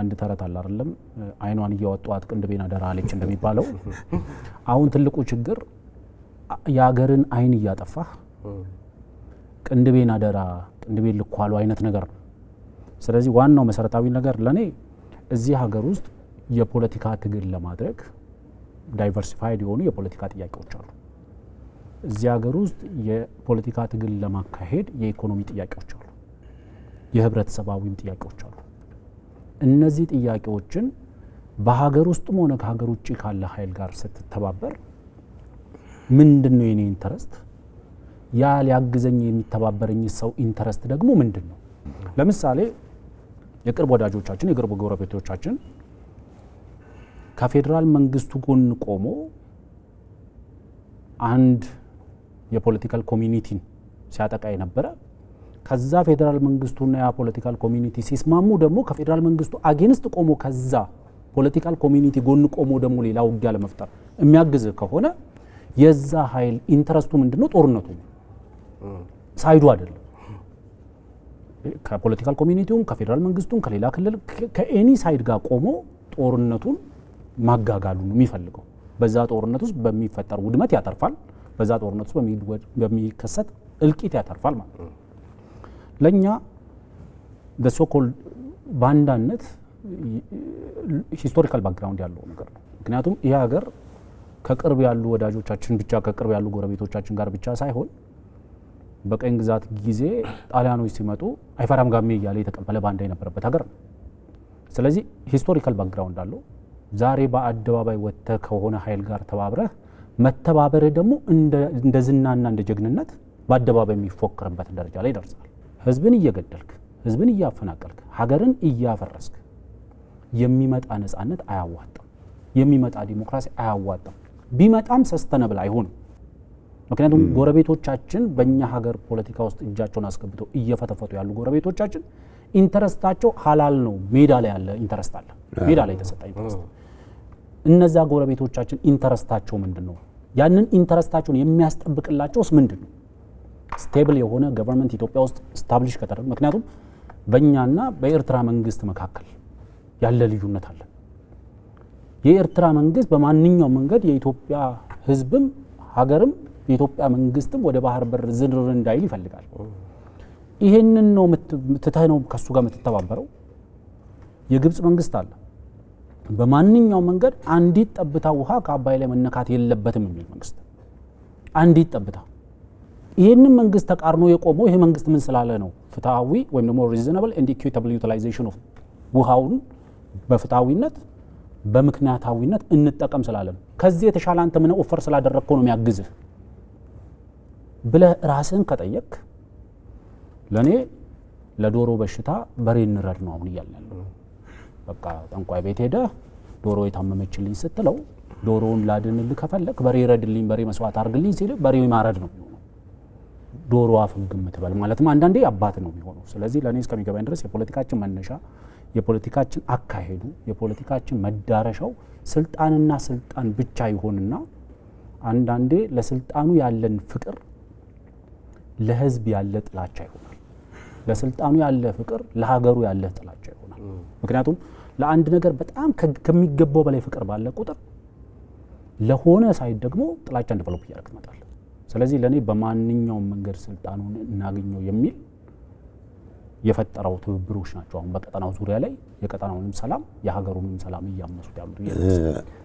አንድ ተረት አለ አይደለም፣ አይኗን እያወጧት ቅንድቤን አደራ አለች እንደሚባለው። አሁን ትልቁ ችግር የሀገርን አይን እያጠፋህ ቅንድቤን አደራ ቅንድቤን ልኳሉ አይነት ነገር ነው። ስለዚህ ዋናው መሰረታዊ ነገር ለእኔ እዚህ ሀገር ውስጥ የፖለቲካ ትግል ለማድረግ ዳይቨርሲፋይድ የሆኑ የፖለቲካ ጥያቄዎች አሉ። እዚህ ሀገር ውስጥ የፖለቲካ ትግል ለማካሄድ የኢኮኖሚ ጥያቄዎች አሉ፣ የህብረተሰባዊም ጥያቄዎች አሉ። እነዚህ ጥያቄዎችን በሀገር ውስጥም ሆነ ከሀገር ውጭ ካለ ኃይል ጋር ስትተባበር ምንድን ነው የኔ ኢንተረስት? ያ ሊያግዘኝ የሚተባበረኝ ሰው ኢንተረስት ደግሞ ምንድን ነው? ለምሳሌ የቅርብ ወዳጆቻችን የቅርብ ጎረቤቶቻችን ከፌዴራል መንግስቱ ጎን ቆሞ አንድ የፖለቲካል ኮሚኒቲን ሲያጠቃ የነበረ ከዛ ፌዴራል መንግስቱና ያ ፖለቲካል ኮሚኒቲ ሲስማሙ ደግሞ ከፌዴራል መንግስቱ አጌንስት ቆሞ ከዛ ፖለቲካል ኮሚኒቲ ጎን ቆሞ ደግሞ ሌላ ውጊያ ለመፍጠር የሚያግዝ ከሆነ የዛ ኃይል ኢንተረስቱ ምንድነው? ጦርነቱ ሳይዱ አይደለም። ከፖለቲካል ኮሚኒቲውም ከፌዴራል መንግስቱም ከሌላ ክልል ከኤኒ ሳይድ ጋር ቆሞ ጦርነቱን ማጋጋሉ ነው የሚፈልገው። በዛ ጦርነት ውስጥ በሚፈጠር ውድመት ያተርፋል። በዛ ጦርነት ውስጥ በሚከሰት እልቂት ያተርፋል ማለት ነው። ለእኛ በሶኮል ባንዳነት ሂስቶሪካል ባክግራውንድ ያለው ነገር ነው። ምክንያቱም ይህ ሀገር ከቅርብ ያሉ ወዳጆቻችን ብቻ ከቅርብ ያሉ ጎረቤቶቻችን ጋር ብቻ ሳይሆን በቀኝ ግዛት ጊዜ ጣሊያኖች ሲመጡ አይፈራም ጋሜ እያለ የተቀበለ ባንዳ የነበረበት ሀገር ነው። ስለዚህ ሂስቶሪካል ባክግራውንድ አለው። ዛሬ በአደባባይ ወጥተህ ከሆነ ኃይል ጋር ተባብረህ መተባበርህ ደግሞ እንደ ዝናና እንደ ጀግንነት በአደባባይ የሚፎክርበት ደረጃ ላይ ይደርሳል። ህዝብን እየገደልክ ህዝብን እያፈናቀልክ ሀገርን እያፈረስክ የሚመጣ ነጻነት አያዋጣም። የሚመጣ ዲሞክራሲ አያዋጣም። ቢመጣም ሰስተነብል አይሆንም። ምክንያቱም ጎረቤቶቻችን በእኛ ሀገር ፖለቲካ ውስጥ እጃቸውን አስገብተው እየፈተፈቱ ያሉ ጎረቤቶቻችን ኢንተረስታቸው ሀላል ነው። ሜዳ ላይ ያለ ኢንተረስት አለ። ሜዳ ላይ የተሰጠ ኢንተረስት። እነዛ ጎረቤቶቻችን ኢንተረስታቸው ምንድን ነው? ያንን ኢንተረስታቸውን የሚያስጠብቅላቸውስ ምንድን ነው? ስቴብል የሆነ ገቨርንመንት ኢትዮጵያ ውስጥ ስታብሊሽ ከተደረገ ምክንያቱም በእኛና በኤርትራ መንግስት መካከል ያለ ልዩነት አለ። የኤርትራ መንግስት በማንኛውም መንገድ የኢትዮጵያ ህዝብም ሀገርም የኢትዮጵያ መንግስትም ወደ ባህር በር ዝርር እንዳይል ይፈልጋል። ይሄንን ነው ትተህ ነው ከሱ ጋር የምትተባበረው። የግብፅ መንግስት አለ በማንኛውም መንገድ አንዲት ጠብታ ውሃ ከአባይ ላይ መነካት የለበትም የሚል መንግስት አንዲት ጠብታ ይህንን መንግስት ተቃርኖ የቆመው ይህ መንግስት ምን ስላለ ነው? ፍትሐዊ ወይም ደግሞ ሪዝናብል ኤንድ ኢኩዊታብል ዩቲላይዜሽን ኦፍ ውሃውን በፍትሐዊነት በምክንያታዊነት እንጠቀም ስላለ ነው። ከዚህ የተሻለ አንተ ምን ኦፈር ስላደረግከው ነው የሚያግዝህ ብለህ ራስህን ከጠየቅ ለእኔ ለዶሮ በሽታ በሬ እንረድ ነው አሁን እያለ ያለው። በቃ ጠንቋይ ቤት ሄደ ዶሮ የታመመችልኝ ስትለው ዶሮውን ላድንልህ ከፈለግ በሬ ረድልኝ፣ በሬ መስዋዕት አድርግልኝ ሲል በሬው ማረድ ነው። ዶሮ አፍም ግምት በል ማለትም አንዳንዴ አባት ነው የሚሆነው። ስለዚህ ለእኔ እስከሚገባኝ ድረስ የፖለቲካችን መነሻ የፖለቲካችን አካሄዱ የፖለቲካችን መዳረሻው ስልጣንና ስልጣን ብቻ ይሆንና አንዳንዴ ለስልጣኑ ያለን ፍቅር ለህዝብ ያለ ጥላቻ ይሆናል። ለስልጣኑ ያለ ፍቅር ለሀገሩ ያለ ጥላቻ ይሆናል። ምክንያቱም ለአንድ ነገር በጣም ከሚገባው በላይ ፍቅር ባለ ቁጥር ለሆነ ሳይት ደግሞ ጥላቻ ዴቨሎፕ እያደረግ ትመጣለህ። ስለዚህ ለእኔ በማንኛውም መንገድ ስልጣኑን እናገኘው የሚል የፈጠረው ትብብሮች ናቸው አሁን በቀጠናው ዙሪያ ላይ የቀጠናውንም ሰላም የሀገሩንም ሰላም እያመሱት ያሉት